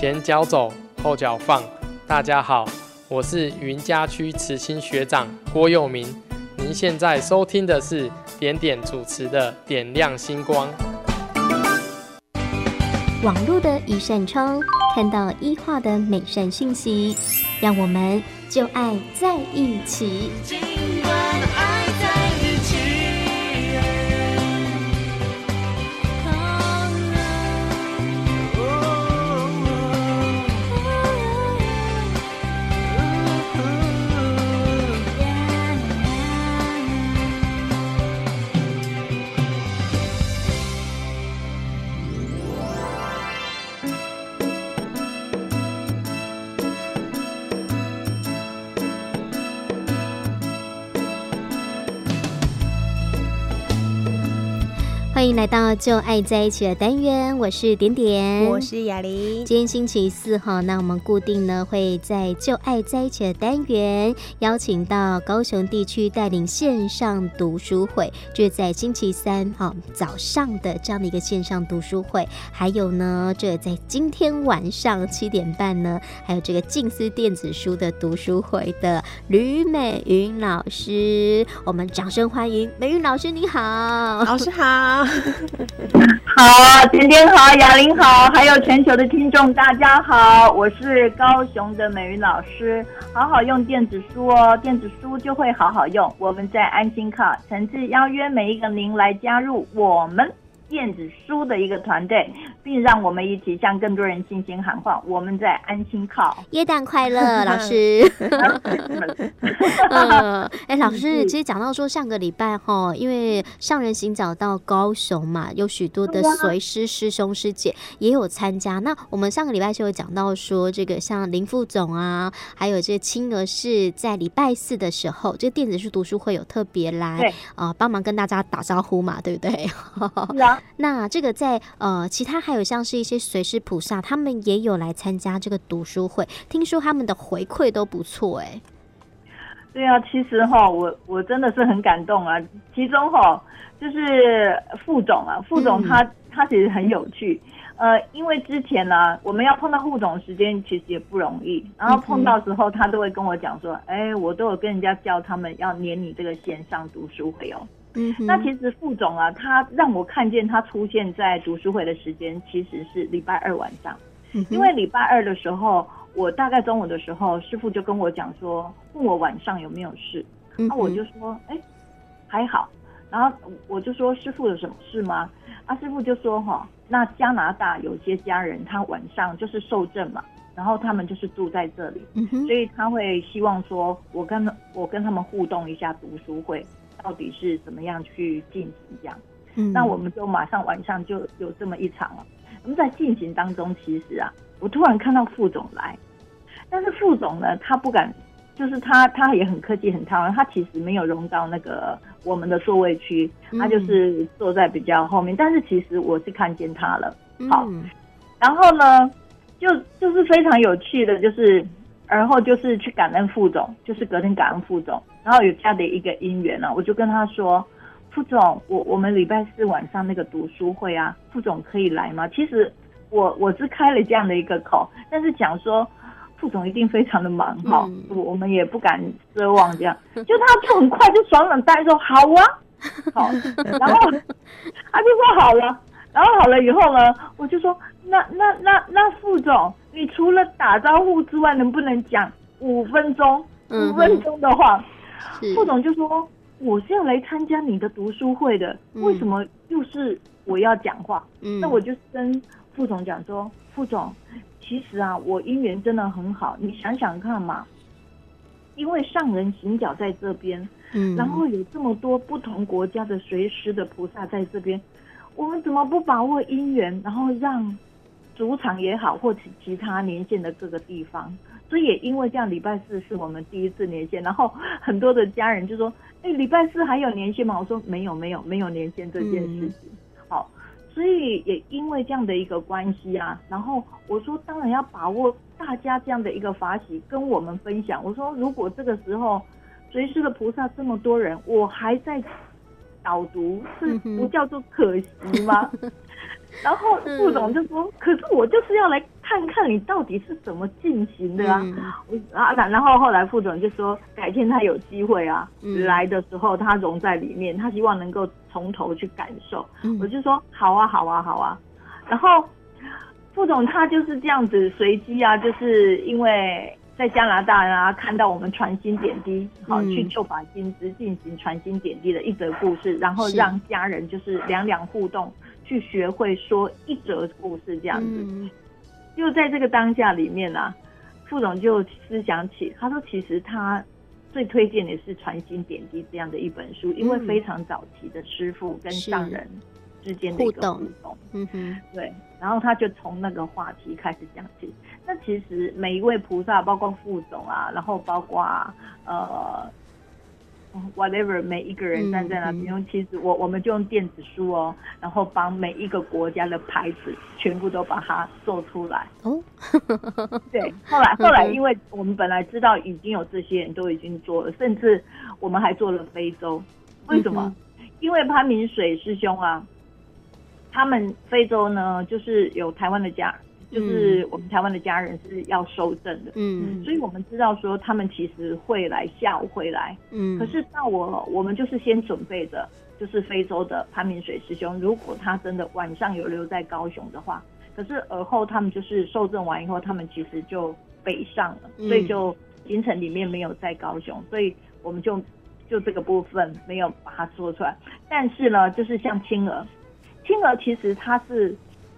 前腳走，後腳放。大家好，我是雲嘉區慈心學長郭佑明。您現在收聽的是點點主持的《點亮星光》。網絡的一扇窗，看到一化的美善訊息，讓我們就愛在一起。歡迎來到就愛在一起的單元，我是點點，我是雅玲。今天星期四哈，那我們固定呢會在就愛在一起的單元邀請到高雄地區帶領線上讀書會，就在星期三哈早上的這樣的一個線上讀書會，還有呢，就在今天晚上七點半呢，還有這個靜思電子書的讀書會的呂美雲老師，我們掌聲歡迎美雲老師，你好，老師好。 好，啊、天天好，甜甜好，雅琳好，還有全球的聽眾大家好，我是高雄的美云老師，好好用電子書哦，電子書就會好好用，我們在安心卡誠摯邀約每一個您來加入我們。電子書的一個團隊，並讓我們一起向更多人進行喊話。我們在安心靠耶誕快樂老師。嗯、 呃，哎，老師，其實講到說上個禮拜哈，因為上人行腳到高雄嘛，有許多的隨師師兄師姐也有參加。那我們上個禮拜就有講到說，這個像林副總啊，還有這青娥是在禮拜四的時候，這個電子書讀書會有特別來啊、呃、幫忙跟大家打招呼嘛，對不對？ 那這個在呃，其他還有像是一些隨師菩薩，他們也有來參加這個讀書會，聽說他們的回饋都不錯哎、欸。對啊，其實哈，我我真的是很感動啊。其中哈，就是副總啊，副總他他其實很有趣。嗯、呃，因為之前呢、啊，我們要碰到副總時間其實也不容易，然後碰到時候，他都會跟我講說，哎、欸，我都有跟人家叫他們要黏你這個線上讀書會哦。那其實副總啊，他讓我看見他出現在讀書會的時間其實是禮拜二晚上，因為禮拜二的時候，我大概中午的時候，師父就跟我講說，問我晚上有沒有事，那、啊、我就說，哎，還好，然後我就說，師父有什麼事嗎？阿、啊、師父就說，哈，那加拿大有些家人他晚上就是受證嘛，然後他們就是住在這裡，所以他會希望說我跟我跟他們互動一下讀書會。到底是怎麼樣去進行？這樣、嗯，那我們就馬上晚上就有這麼一場了、啊。我們在進行當中，其實啊，我突然看到副總來，但是副總呢，他不敢，就是他他也很科技很他，他其實沒有融到那個我們的座位區、嗯，他就是坐在比較後面。但是其實我是看見他了，嗯、好，然後呢，就就是非常有趣的，就是。然後就是去感恩副總，就是隔天感恩副總，然後有這樣的一個因緣呢，我就跟他說，副總，我我們禮拜四晚上那個讀書會啊，副總可以來嗎？其實我我是開了這樣的一個口，但是講說副總一定非常的忙哈，我們也不敢奢望這樣，就他就很快就爽朗答說好啊，好，然後他就說好了，然後好了以後呢，我就說。那那那那副總，你除了打招呼之外，能不能講五分鐘、嗯、五分鐘的話？副總就說：“我是要來參加你的讀書會的，為什麼又是我要講話、嗯？”那我就跟副總講說：“嗯、副總，其實啊，我因緣真的很好，你想想看嘛，因為上人行腳在這邊、嗯，然後有這麼多不同國家的隨師的菩薩在這邊，我們怎麼不把握因緣，然後讓？”主場也好，或其其他連線的各個地方，所以也因為這樣，禮拜四是我們第一次連線，然後很多的家人就說，誒、欸，禮拜四還有連線嗎？我說沒有，沒有，沒有連線這件事情、嗯。好，所以也因為這樣的一個關係啊，然後我說，當然要把握大家這樣的一個法喜跟我們分享。我說，如果這個時候隨時的菩薩這麼多人，我還在導讀，是不叫做可惜嗎？嗯 然後副總就說、嗯：“可是我就是要來看看你到底是怎麼進行的啊！”然、嗯啊、然後後來副總就說：“改天他有機會啊、嗯，來的時候他融在裡面，他希望能夠從頭去感受。嗯”我就說：“好啊，好啊，好啊。”然後副總他就是這樣子隨機啊，就是因為。在加拿大啊，看到我們傳心點滴，好、嗯、去就把金子進行傳心點滴的一則故事，然後讓家人就是兩兩互動去學會說一則故事這樣子。嗯、就在這個當下裡面呢、啊，副總就思想起，他說其實他最推薦的是《傳心點滴》這樣的一本書，因為非常早期的師父跟上人，嗯之間的一個互動、互動，嗯對，然後他就從那個話題開始講起。那其實每一位菩薩，包括副總啊，然後包括呃 whatever，每一個人站在那邊，用、嗯、其實我我們就用電子書哦，然後把每一個國家的牌子，全部都把它做出來。哦， 對，後來後來，因為我們本來知道已經有這些人都已經做了，甚至我們還做了非洲。為什麼？嗯、因為潘明水師兄啊。他們非洲呢，就是有台灣的家、嗯、就是我們台灣的家人是要受證的，嗯，所以我們知道說他們其實會來，下午會來，嗯，可是到我我們就是先準備着，就是非洲的潘明水師兄，如果他真的晚上有留在高雄的話，可是而後他們就是受證完以後，他們其實就北上了，所以就行程裡面沒有在高雄，所以我們就就這個部分沒有把它說出來，但是呢，就是像青兒。青兒其實他是，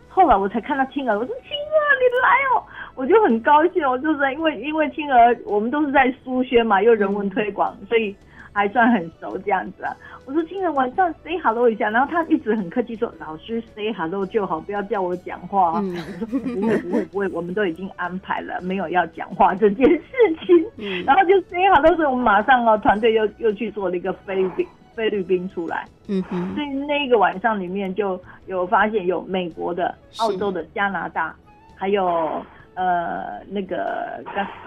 後來我才看到青兒，我說青兒你來哦，我就很高興，我就是因為因為青兒我們都是在書軒嘛，又人文推廣、嗯，所以還算很熟這樣子，啊。我說青兒晚上 say hello 一下，然後他一直很客氣說老師 say hello 就好，不要叫我講話，啊嗯。我說不會不會不會，我們都已經安排了，沒有要講話這件事情。嗯、然後就 say hello 所以我們馬上哦，團隊又又去做了一個 f a b y 菲律賓出來，嗯哼，所以那個晚上裡面就有發現有美國的、澳洲的、加拿大，還有呃那個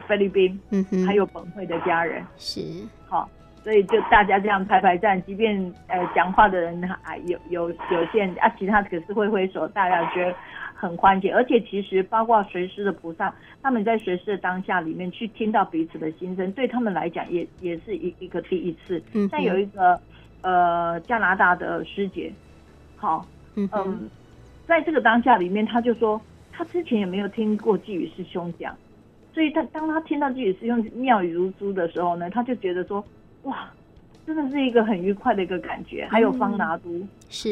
菲律賓，嗯哼，還有本會的家人，是好，所以就大家這樣排排站，即便呃講話的人、啊、有有有限，啊，其他可是揮揮手，大家覺得。很歡喜，而且其實包括隨師的菩薩，他們在隨師的當下裡面去聽到彼此的心聲，對他們來講也也是一一個第一次。嗯，在有一個呃加拿大的師姐，好，嗯，嗯在這個當下裡面，他就說他之前也沒有聽過濟雨師兄講，所以他當他聽到濟雨師兄妙語如珠的時候呢，他就覺得說哇，真的是一個很愉快的一個感覺。嗯、還有方拿督是，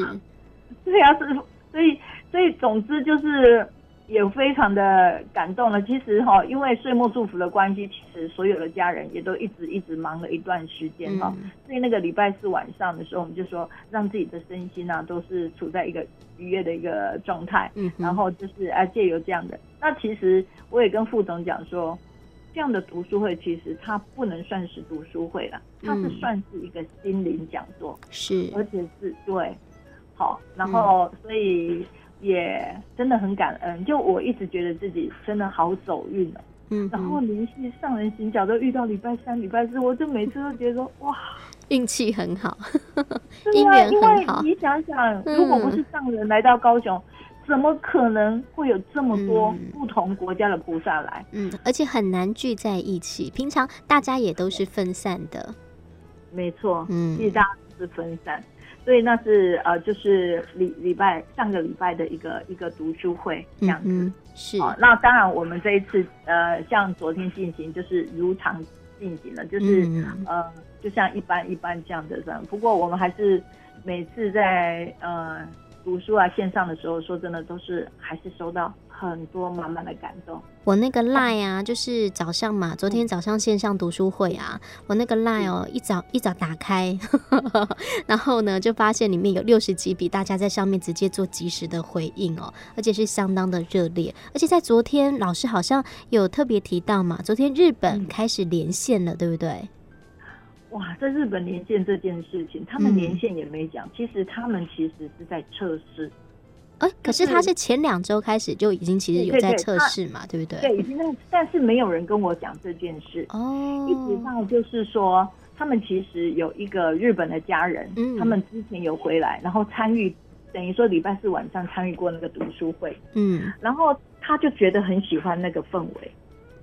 對呀，是。啊所以，所以總之就是也非常的感動了。其實哈、哦，因為歲末祝福的關係，其實所有的家人也都一直一直忙了一段時間哈、哦嗯。所以那個禮拜四晚上的時候，我們就說讓自己的身心呢、啊、都是處在一個愉悅的一個狀態。嗯，然後就是啊，借由這樣的，那其實我也跟副總講說，這樣的讀書會其實它不能算是讀書會了，它是算是一個心靈講座。是、嗯，而且是對。然後所以也真的很感恩。就我一直覺得自己真的好走運哦。嗯，嗯，然後連續上人行腳都遇到禮拜三、禮拜四，我就每次都覺得哇，運氣很好。 因緣很好。你想想，如果不是上人來到高雄，嗯，怎麼可能會有這麼多不同國家的菩薩來？嗯，而且很難聚在一起。平常大家也都是分散的，沒錯，嗯，其實大家都是分散。所以那是呃，就是禮禮拜上個禮拜的一個一個讀書會這樣子，嗯嗯是、呃。那當然，我們這一次呃，像昨天進行就是如常進行了，就是嗯嗯呃，就像一般一般這樣子的。不過我們還是每次在呃讀書啊線上的時候，說真的都是還是收到，很多滿滿的感動。我那個賴啊，就是早上嘛，嗯，昨天早上線上讀書會啊，我那個賴哦，喔嗯，一早一早打開， 然後呢就發現裡面有六十幾筆，大家在上面直接做即時的回應哦，喔，而且是相當的熱烈。而且在昨天老師好像有特別提到嘛，昨天日本開始連線了，嗯，對不對？哇，在日本連線這件事情，他們連線也沒講，嗯，其實他們其實是在測試。哦、可是他是前兩周開始就已經其實有在測試嘛、對對對，對不對？對，但但是沒有人跟我講這件事哦。一直到就是說，他們其實有一個日本的家人，嗯、他們之前有回來，然後參與，等於說禮拜四晚上參與過那個讀書會，嗯，然後他就覺得很喜歡那個氛圍，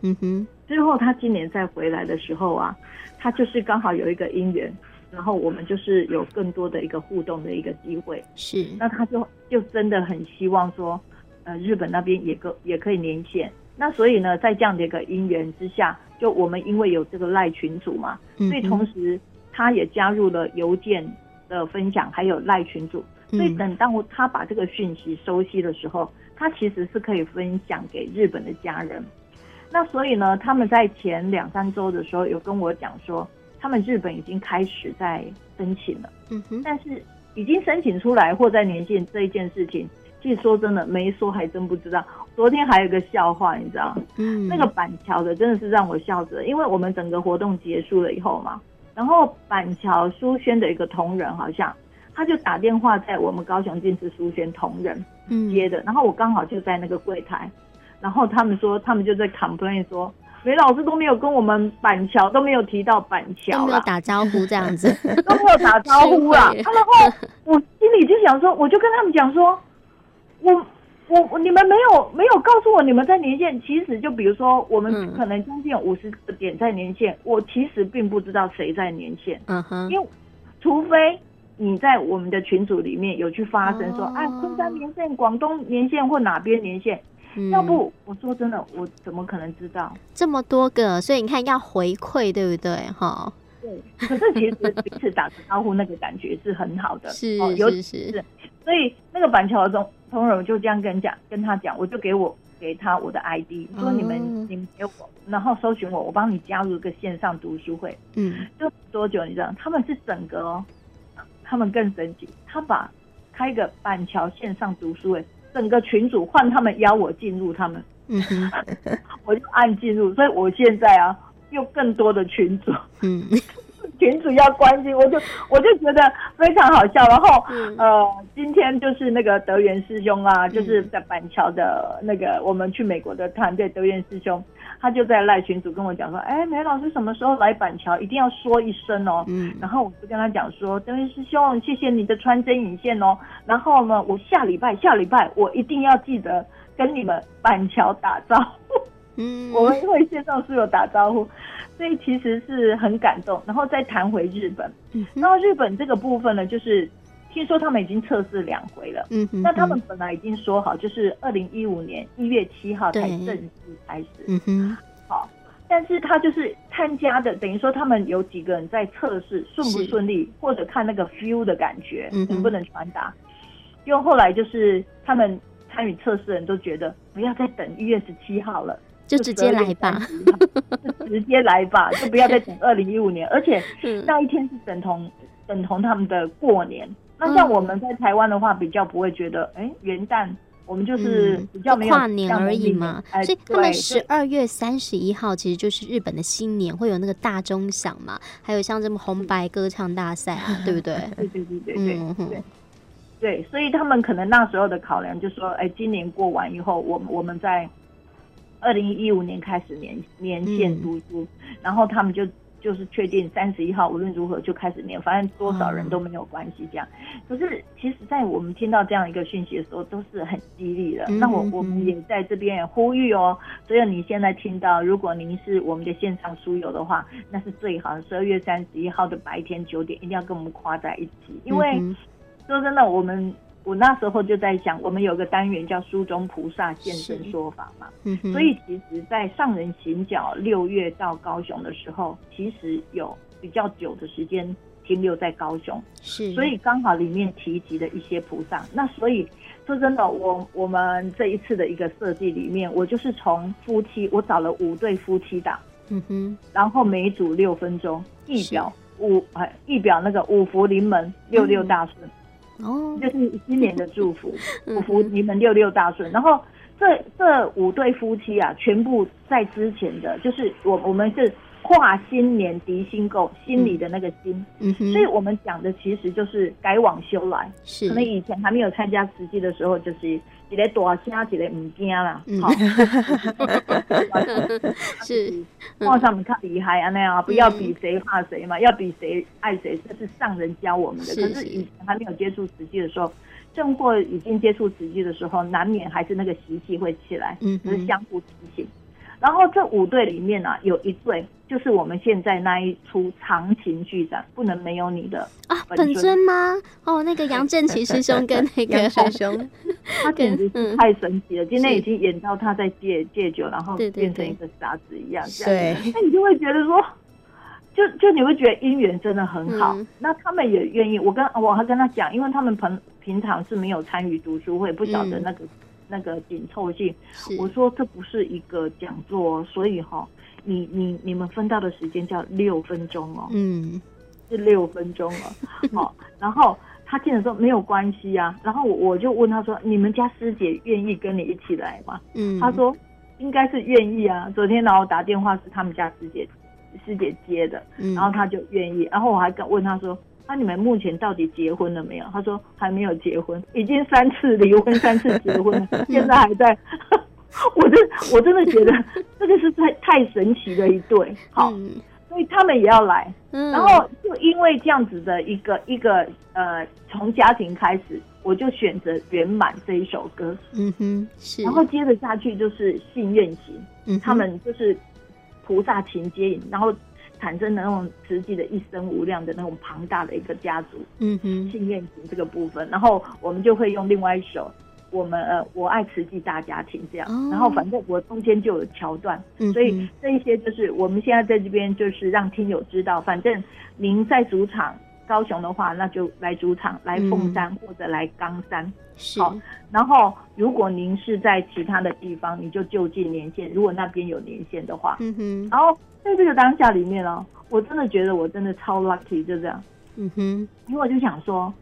嗯哼。之後他今年再回來的時候啊，他就是剛好有一個因緣。然後我們就是有更多的一個互動的一個機會，是。那他就就真的很希望說，呃，日本那邊也跟也可以連線。那所以呢，在這樣的一個因緣之下，就我們因為有這個賴群組嘛，所以同時他也加入了郵件的分享，還有賴群組。所以等到他把這個訊息收悉的時候，他其實是可以分享給日本的家人。那所以呢，他們在前兩三周的時候有跟我講說。他們日本已經開始在申請了，嗯哼，但是已經申請出來或在年鑑這一件事情，其實說真的，沒說還真不知道。昨天還有一個笑話，你知道嗯，那個板橋的真的是讓我笑着，因為我們整個活動結束了以後嘛，然後板橋書軒的一個同仁好像他就打電話在我們高雄靜思書軒同仁接的，嗯，然後我剛好就在那個櫃台，然後他們說他們就在 complain 說。梅老師都沒有跟我們板橋，都沒有提到板橋打招呼這樣子 都沒有打招呼啦了、啊。然後，我心裡就想說， 我就跟他們講說，我我你們沒有沒有告訴我你們在連線，其實就比如說我們可能將近五十個點在連線，嗯，我其實並不知道誰在連線。嗯哼，因為除非你在我們的群組裡面有去發聲說，哦、啊昆山連線、廣東連線或哪邊連線。要不我說真的、嗯，我怎麼可能知道這麼多個？所以你看，要回饋，對不對？哈、oh.，對。可是其實彼此打招呼那個感覺是很好的、 哦，是是是。所以那個板橋的總同仁就這樣跟講，跟他講，我就給我給他我的 ID，說你們、嗯、你們給我，然後搜尋我，我幫你加入一個線上讀書會。嗯，就多久你知道？他們是整個，哦，他們更神奇，他把開個板橋線上讀書會。整個群組換他們邀我進入，他們嗯哼，我就按進入，所以我現在啊，又更多的群組，群組要關心，我就我就覺得非常好笑。然後呃，今天就是那個德元師兄啊，就是在板橋的那個我們去美國的團隊，德元師兄。他就在賴群組跟我講說，哎，美老師什麼時候來板橋，一定要說一聲哦、嗯。然後我就跟他講說，真是師兄，謝謝你的穿針引線哦。然後呢，我下禮拜下禮拜我一定要記得跟你們板橋打招呼，嗯、我們會線上書友打招呼，所以其實是很感動。然後再談回日本，然、嗯、後日本這個部分呢，就是。聽說他們已經測試兩回了。嗯嗯。那他們本來已經說好，就是二零一五年一月七號才正式開始。嗯哼。好，但是他就是參加的，等於說他們有幾個人在測試順不順利，或者看那個 feel 的感覺、嗯、能不能傳達。因為後來就是他們參與測試的人都覺得不要再等一月十七號了，就直接來吧，就直接來吧， 就不要再等二零一五年。 而且那一天是等同 等同他們的過年。那像我們在台灣的話，比較不會覺得，誒、嗯欸，元旦我們就是比較、嗯、跨年而已嘛、欸。所以他們十二月三十一號其實就是日本的新年，會有那個大鐘響嘛，還有像這麼紅白歌唱大賽啊，對不對？對對對對對。嗯，對對所以，他們可能那時候的考量就說，哎、欸，今年過完以後，我我們在二零一五年開始年年限讀書、嗯，然後他們就。就是確定三十一號無論如何就開始唸，反正多少人都沒有關係這樣、嗯。可是其實，在我們聽到這樣一個訊息的時候，都是很激勵的。嗯、那我我們也在這邊也呼籲哦，所以你現在聽到，如果您是我們的現場書友的話，那是最好的。十二月三十一號的白天九點，一定要跟我們跨在一起，因為、嗯、說真的，我們。我那時候就在想，我們有個單元叫“書中菩薩現身說法嘛”嘛，嗯，所以其實，在上人行腳六月到高雄的時候，其實有比較久的時間停留在高雄，是，所以剛好裡面提及的一些菩薩。那所以說真的，我我們這一次的一個設計裡面，我就是從夫妻，我找了五對夫妻檔，嗯哼，然後每組六分鐘，一表五，哎，啊，一表那個五福臨門，六六大順。嗯哦、oh，就是新年的祝福，我祝你們六六大順。嗯，然後這這五對夫妻啊，全部在之前的，就是我們我們是跨心年滌心垢，心裡的那個心。嗯哼，所以我們講的其實就是改往修來，是，可能以前還沒有參加慈濟的時候，就是。一個大聲，一個唔驚啦，哈，嗯，哦 嗯， 是，看甚麼較厲害安尼啊？不要比誰怕誰嘛，嗯，要比誰愛誰，這是上人教我們的。是可是以前還沒有接觸慈濟的時候，正過已經接觸慈濟的時候，難免還是那個習氣會起來，就是相互提醒。嗯嗯然後這五隊裡面啊，有一隊。就是我們現在那一出長情劇展，不能沒有你的啊，本尊嗎？哦，那個楊振奇師兄跟那個師 兄對， 他簡直是太神奇了。今天已經演到他在戒戒酒，然後變成一個傻子一樣，這樣子，對，對,對，那你就會覺得說，就就你會覺得姻緣真的很好。嗯、那他們也願意，我跟我還跟他講，因為他們平平常是沒有參與讀書會，也不曉得那個、嗯、那個緊湊性。我說這不是一個講座，所以哈。你你你們分到的時間叫六分鐘哦，嗯，是六分鐘了。哦， 然後他竟然說沒有關係啊。然後我就問他說：“你們家師姐願意跟你一起來嗎？”嗯，他說應該是願意啊。昨天然後打電話是他們家師姐師姐接的，然後他就願意。嗯、然後我還問他說：“那、啊、你們目前到底結婚了沒有？”他說還沒有結婚，已經三次離婚，三次結婚了， 現在還在。 我真，我真的覺得這個是太太神奇的一對。好，嗯、所以他們也要來、嗯。然後就因為這樣子的一個一個呃，從家庭開始，我就選擇圓滿這一首歌。嗯哼，是。然後接着下去就是信願行，嗯，他們就是菩薩情接引，然後產生的那種實際的一生無量的那種龐大的一個家族。嗯哼，信願行這個部分，然後我們就會用另外一首。我們呃，我愛慈濟大家庭這樣，oh, 然後反正我中間就有橋段、嗯，所以這一些就是我們現在在這邊就是讓聽友知道，反正您在主場高雄的話，那就來主場來鳳山、嗯、或者來岡山，是，好。然後如果您是在其他的地方，你就就近連線，如果那邊有連線的話。嗯哼。然後在這個當下裡面呢、哦，我真的覺得我真的超 lucky 就這樣。嗯哼。因為我就想說。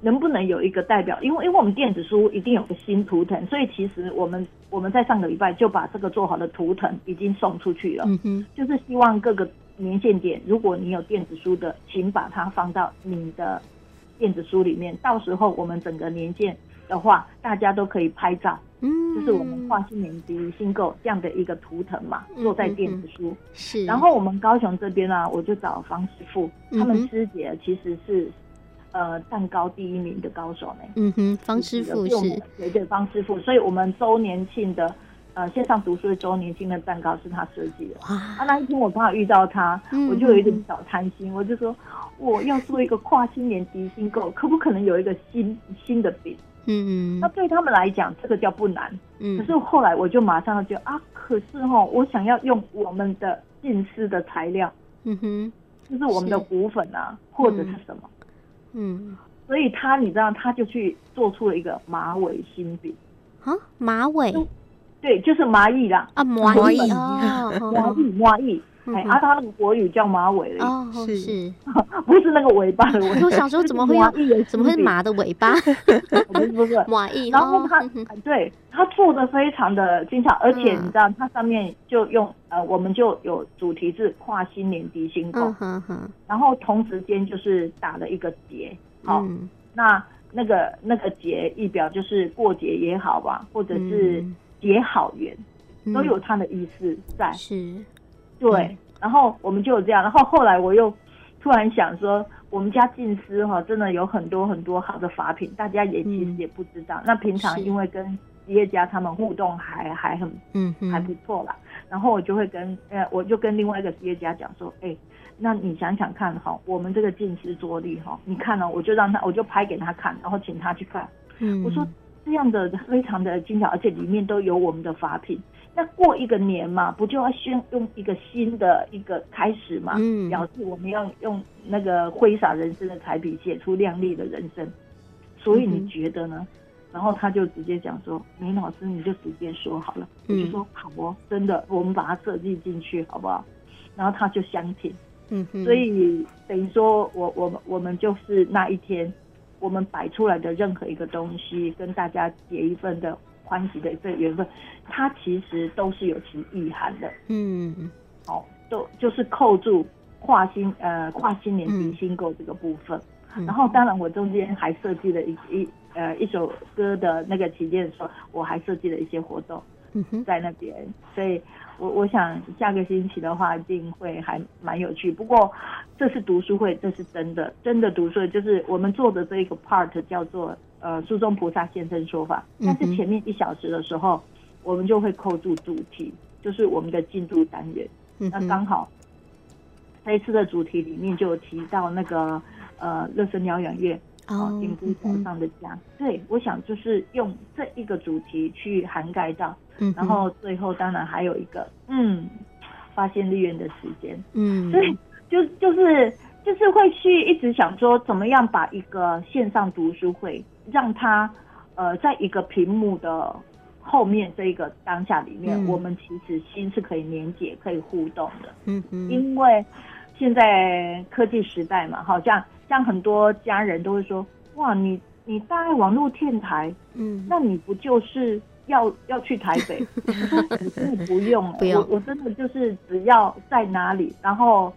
能不能有一個代表？因為因為我們電子書一定有個新圖騰，所以其實我們我們在上個禮拜就把這個做好的圖騰已經送出去了。嗯哼，就是希望各個年限點，如果你有電子書的，請把它放到你的電子書裡面。到時候我們整個年鑑的話，大家都可以拍照，嗯，就是我們跨心年、滌心垢這樣的一個圖騰嘛，坐在電子書、嗯、是。然後我們高雄這邊呢、啊，我就找方師傅，他們師姐其實是。呃，蛋糕第一名的高手呢？嗯哼，方師傅是，是的用對對，方師傅。所以我們週年慶的呃線上讀書的週年慶的蛋糕是他設計的。啊，那一天我剛好遇到他，嗯、我就有一點小貪心，我就說我要做一個跨心年滌心垢，可不可能有一個新新的餅？嗯嗯。那對他們來講，這個叫不難。嗯。可是後來我就馬上就覺得啊，可是哈，我想要用我們的靜思的材料。嗯哼，是就是我們的穀粉啊，或者是什麼。嗯嗯，所以他你知道，他就去做出了一個馬尾心餅蛤，馬尾，對，就是螞蟻啦啊，螞蟻啊，螞蟻、哦、螞蟻。 螞蟻螞蟻哎、嗯，阿、欸啊、他那個國語叫馬尾、哦，是是，不是那個尾巴，的尾巴是。我小時候怎麼會要？怎麼會馬的尾巴？我 們是不是馬藝，然後他、哦哎、對他做的非常的精巧，而且你知道，它、嗯、上面就用呃，我們就有主題是跨心年星、滌心垢，然後同時間就是打了一個結。好、哦嗯，那那個那個結，意表就是過節也好吧，或者是結好緣、嗯，都有它的意思在。嗯、是。對、嗯，然後我們就有這樣，然後後來我又突然想說，我們家靜思哈，真的有很多很多好的法品，大家也其實也不知道。嗯、那平常因為跟企業家他們互動還還很嗯還不錯啦，然後我就會跟呃我就跟另外一個企業家講說，哎、欸，那你想想看哈、哦，我們這個靜思桌曆哈，你看哦，我就讓他我就拍給他看，然後請他去看、嗯，我說這樣的非常的精巧，而且裡面都有我們的法品。那過一個年嘛，不就要先用一個新的一個開始嘛？嗯，表示我們要用那個揮灑人生的彩筆，寫出亮麗的人生。所以你覺得呢？嗯、然後他就直接講說：“林老師，你就直接說好了。嗯”我就說好哦，真的，我們把它設計進去，好不好？然後他就相信。嗯嗯。所以等於說，我我們我們就是那一天，我們擺出來的任何一個東西，跟大家結一份的。歡喜的這份緣分，它其實都是有其意涵的。嗯，好、哦，都就,就是扣住跨心呃跨心年迎心垢這個部分。嗯、然後，當然我中間還設計了一一呃一首歌的那個旗點的時候，我還設計了一些活動在那邊。嗯、所以我我想下個星期的話，一定會還蠻有趣。不過，這是讀書會，這是真的真的讀書會，就是我們做的這一個 part 叫做。呃，書中菩薩現身說法，但是前面一小時的時候、嗯，我們就會扣住主題，就是我們的進度單元。嗯、那剛好這一次的主題裡面就提到那個呃，熱身療養院，好、哦，頂部頭上的家、嗯。對，我想就是用這一個主題去涵蓋到，嗯、然後最後當然還有一個嗯，發現利潤的時間。嗯，所以就就是。就是會去一直想說，怎麼樣把一個線上讀書會，讓它，呃，在一個屏幕的後面這個當下裡面，嗯、我們其實心是可以連接、可以互動的。嗯嗯。因為現在科技時代嘛，好像像很多家人都會說：“哇，你你大愛網絡電台，嗯，那你不就是要要去台北？”我、嗯、 不用、喔，不用。我我真的就是只要在哪裡，然後。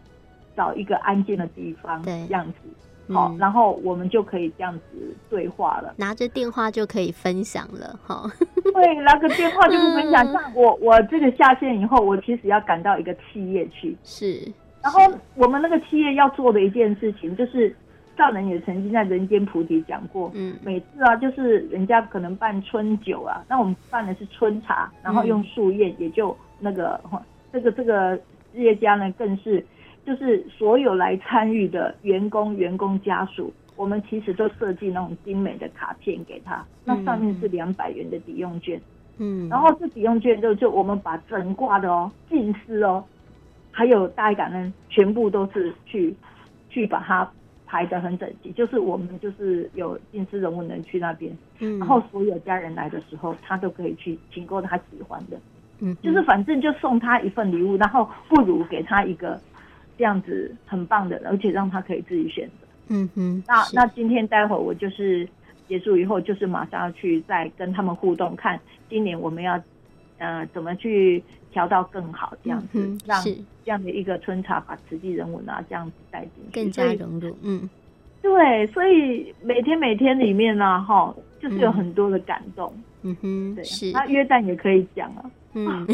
找一個安靜的地方，對，這樣子好，然後我們就可以這樣子對話了。拿着電話就可以分享了，哈。對，拿個電話就可以分享。像、嗯、我，我這個下線以後，我其實要趕到一個企業去是。是，然後我們那個企業要做的一件事情，就是上人也曾經在《人間菩提》講過，嗯，每次啊，就是人家可能辦春酒啊，那我們辦的是春茶，然後用樹葉、嗯，也就那個，喔、這個這個事業家呢，更是。就是所有來參與的員工、員工家屬，我們其實都設計那種精美的卡片給他，那上面是兩百元的抵用券。嗯，然後這抵用券就就我們把整掛的哦，靜思哦，還有大愛感恩，全部都是去去把它排的很整齊，就是我們就是有靜思人物能去那邊，嗯，然後所有家人來的時候，他都可以去請購他喜歡的，嗯，就是反正就送他一份禮物，然後不如給他一個。這樣子很棒的，而且讓他可以自己選擇。嗯哼，那那今天待會兒我就是結束以後，就是馬上要去再跟他們互動，看今年我們要嗯、呃、怎麼去調到更好這樣子，嗯，讓這樣的一個春茶把慈濟人文拿這樣子帶進去，更加融入，嗯，對，所以每天每天裡面呢，哈，就是有很多的感動。嗯哼，對是，那約旦也可以講啊。嗯，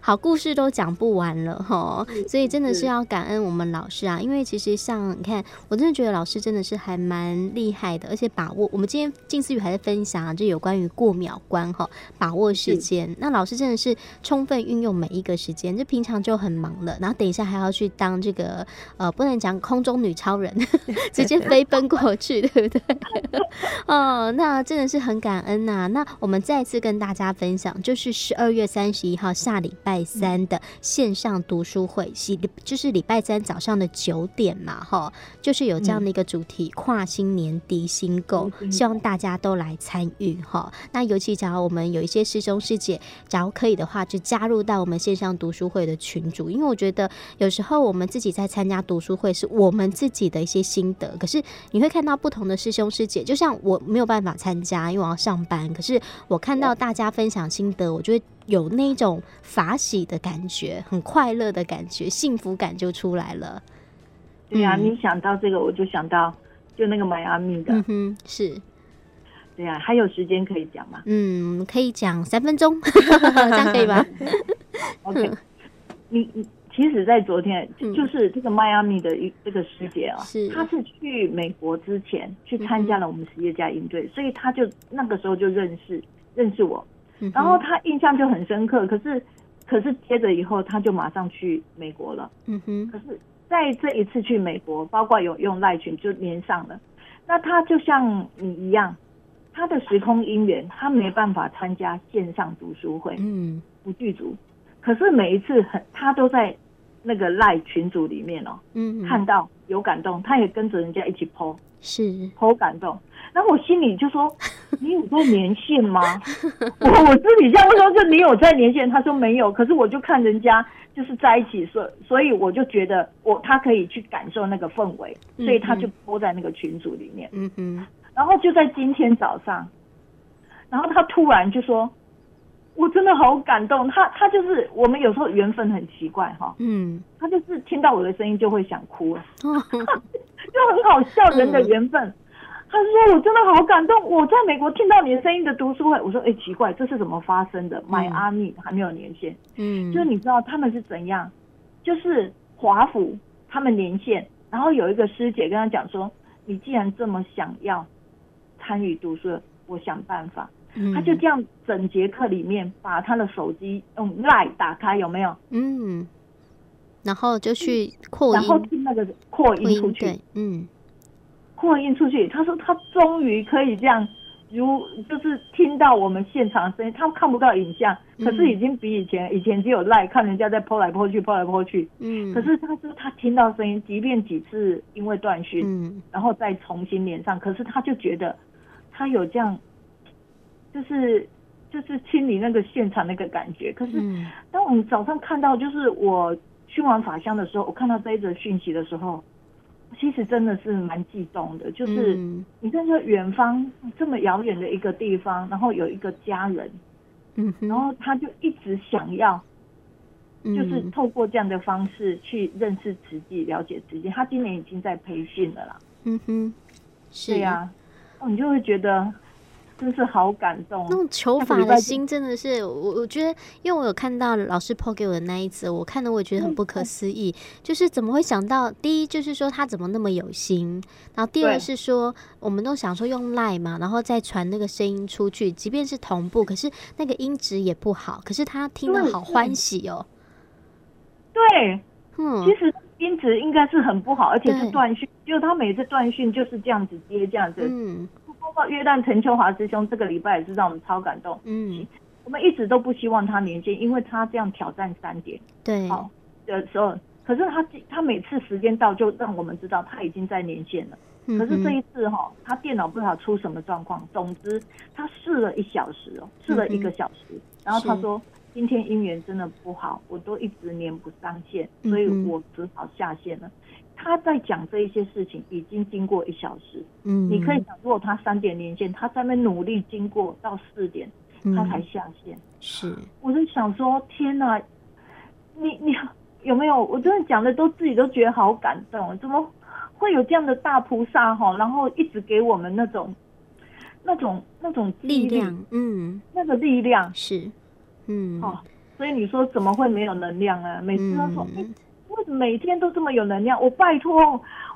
好，故事都講不完了哈，所以真的是要感恩我們老師啊，因為其實像你看，我真的覺得老師真的是還蠻厲害的，而且把握我們今天靜思語還在分享、啊、就有關於過秒關哈，把握時間。那老師真的是充分運用每一個時間，就平常就很忙了，然後等一下還要去當這個呃，不能講空中女超人， 直接飛奔過去，對不對？ 哦，那真的是很感恩吶、啊。那我們再次跟大家分享，就是十二。十二月三十一號下禮拜三的線上讀書會，是就是禮拜三早上的九點嘛，哈，就是有這樣的一個主題：跨心年、滌心垢，希望大家都來參與哈。那尤其，假如我們有一些師兄師姐，假如可以的話，就加入到我們線上讀書會的群組，因為我覺得有時候我們自己在參加讀書會，是我們自己的一些心得。可是你會看到不同的師兄師姐，就像我沒有辦法參加，因為我要上班，可是我看到大家分享心得，我就會。有那種法喜的感覺，很快樂的感覺，幸福感就出來了。對啊，嗯、你想到這個，我就想到就那個邁阿密的、嗯哼，是。對呀、啊，還有時間可以講嗎？嗯，可以講三分鐘， 這樣可以嗎 ？OK。 Okay. 你，其實，在昨天、嗯，就是這個邁阿密的這個師姐啊，她、嗯、是，是去美國之前去參加了我們實業家營隊、嗯，所以她就那個時候就認識認識我。然後他印象就很深刻，可是，可是接着以後他就馬上去美國了。嗯哼，可是在這一次去美國，包括有用賴群就連上了，那他就像你一樣，他的時空因緣，他沒辦法參加線上讀書會，嗯，不具足。可是每一次很，他都在那個賴群組裡面哦，嗯，看到。有感動，他也跟着人家一起 po，是 po 感動。然後我心裡就說：“你有在連線嗎？” 我我自己在問說：“你有在連線？”他說沒有。可是我就看人家就是在一起，所所以我就覺得我他可以去感受那個氛圍，所以他就 po 在那個群組裡面。嗯嗯。然後就在今天早上，然後他突然就說。我真的好感動，他他就是我們有時候緣分很奇怪哈、哦，嗯，他就是聽到我的聲音就會想哭了， 就很好笑、嗯、人的緣分。他說我真的好感動，我在美國聽到你的聲音的讀書會，我說哎、欸、奇怪，這是怎麼發生的？邁阿密還沒有連線，嗯，就你知道他們是怎樣，就是華府他們連線，然後有一個師姐跟他講說，你既然這麼想要參與讀書，我想辦法。嗯，他就這樣，整節課裡面把他的手機用賴打開，有沒有？嗯，然後就去擴音，然後聽那個擴音出去音，嗯，擴音出去。他說他終於可以這樣，如就是聽到我們現場聲音，他看不到影像，嗯，可是已經比以前，以前只有賴看人家在拋來拋去，拋來拋去，嗯。可是他說他聽到聲音，即便幾次因為斷訊，嗯，然後再重新連上，可是他就覺得他有這樣。就是就是清理那個現場那個感覺，可是當我們早上看到，就是我燻完法香的時候，我看到這一則訊息的時候，其實真的是蠻激動的。就是你看到遠方這麼遙遠的一個地方，然後有一個家人，嗯，然後他就一直想要，就是透過這樣的方式去認識慈濟、了解慈濟。他今年已經在培訓了啦，嗯哼，是呀，對啊，你就會覺得。真是好感動，啊！那種求法的心真的是我，啊，我覺得，因為我有看到老師拋給我的那一則，我看了我也覺得很不可思議，嗯。就是怎麼會想到？第一就是說他怎麼那麼有心，然後第二是說我們都想說用賴嘛，然後再傳那個聲音出去，即便是同步，可是那個音質也不好。可是他聽了好歡喜哦。對。對，嗯，其實音質應該是很不好，而且是斷訊，就是他每次斷訊就是這樣子接這樣子。嗯包括約旦陳秋華師兄這個禮拜也是讓我們超感動。嗯，我們一直都不希望他連線，因為他這樣挑戰三點。對。好、哦、的、這個、時候，可是他他每次時間到就讓我們知道他已經在連線了、嗯。可是這一次哈、哦，他電腦不知道出什麼狀況，總之他試了一小時哦，試了一個小時，嗯、然後他說，今天因緣真的不好，我都一直連不上線，所以我只好下線了。嗯他在講這一些事情，已經經過一小時。嗯，你可以想，如果他三點連線，他在那努力經過到四點、嗯，他才下線。是。我就想說，天哪、啊，你你有沒有？我真的講的都自己都覺得好感動，怎麼會有這樣的大菩薩哈？然後一直給我們那種那種那種力量，嗯，那個力量是，嗯，哦，所以你說怎麼會沒有能量啊？每次他說、嗯哦每天都這麼有能量，我拜托，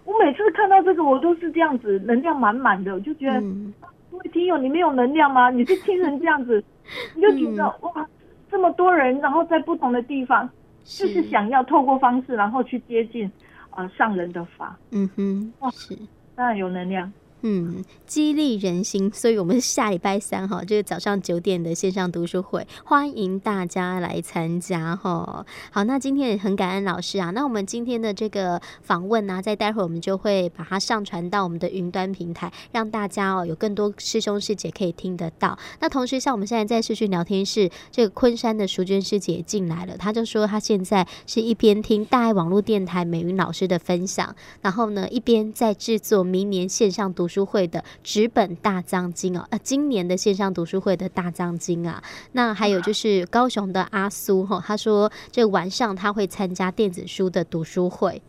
我每次看到這個，我都是這樣子，能量滿滿的，我就覺得，各、嗯、位、啊、聽友，你沒有能量嗎？你是聽成這樣子，嗯、你就覺得哇，這麼多人，然後在不同的地方，是就是想要透過方式，然後去接近，啊、呃，上人的法，嗯哼，哇，是，當然有能量。嗯，激勵人心，所以我們下禮拜三哈，這個早上九點的線上讀書會，歡迎大家來參加哈。好，那今天也很感恩老師啊。那我們今天的這個訪問呢、啊，在待會兒我們就會把它上傳到我們的雲端平台，讓大家有更多師兄師姐可以聽得到。那同時，像我們現在在社區聊天室，這個昆山的淑娟師姐進來了，她就說她現在是一邊聽大愛網絡電台美云老師的分享，然後呢，一邊在制作明年線上讀。讀書會的紙本大藏經哦，呃，今年的線上讀書會的大藏經啊，那還有就是高雄的阿蘇哈、哦，他說這晚上他會參加電子書的讀書會，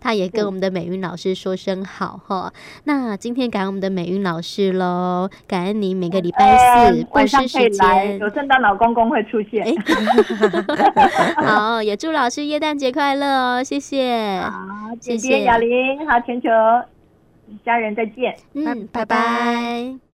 他也跟我們的美雲老師說聲好哈、哦。那今天感恩我們的美雲老師嘍，感恩你每個禮拜四、欸啊、晚上可以來，有聖誕老公公會出現。欸、 好，也祝老師耶誕節快樂哦，謝謝。好，姐姐謝謝雅玲，好全球。家人再見，嗯，拜拜。拜拜。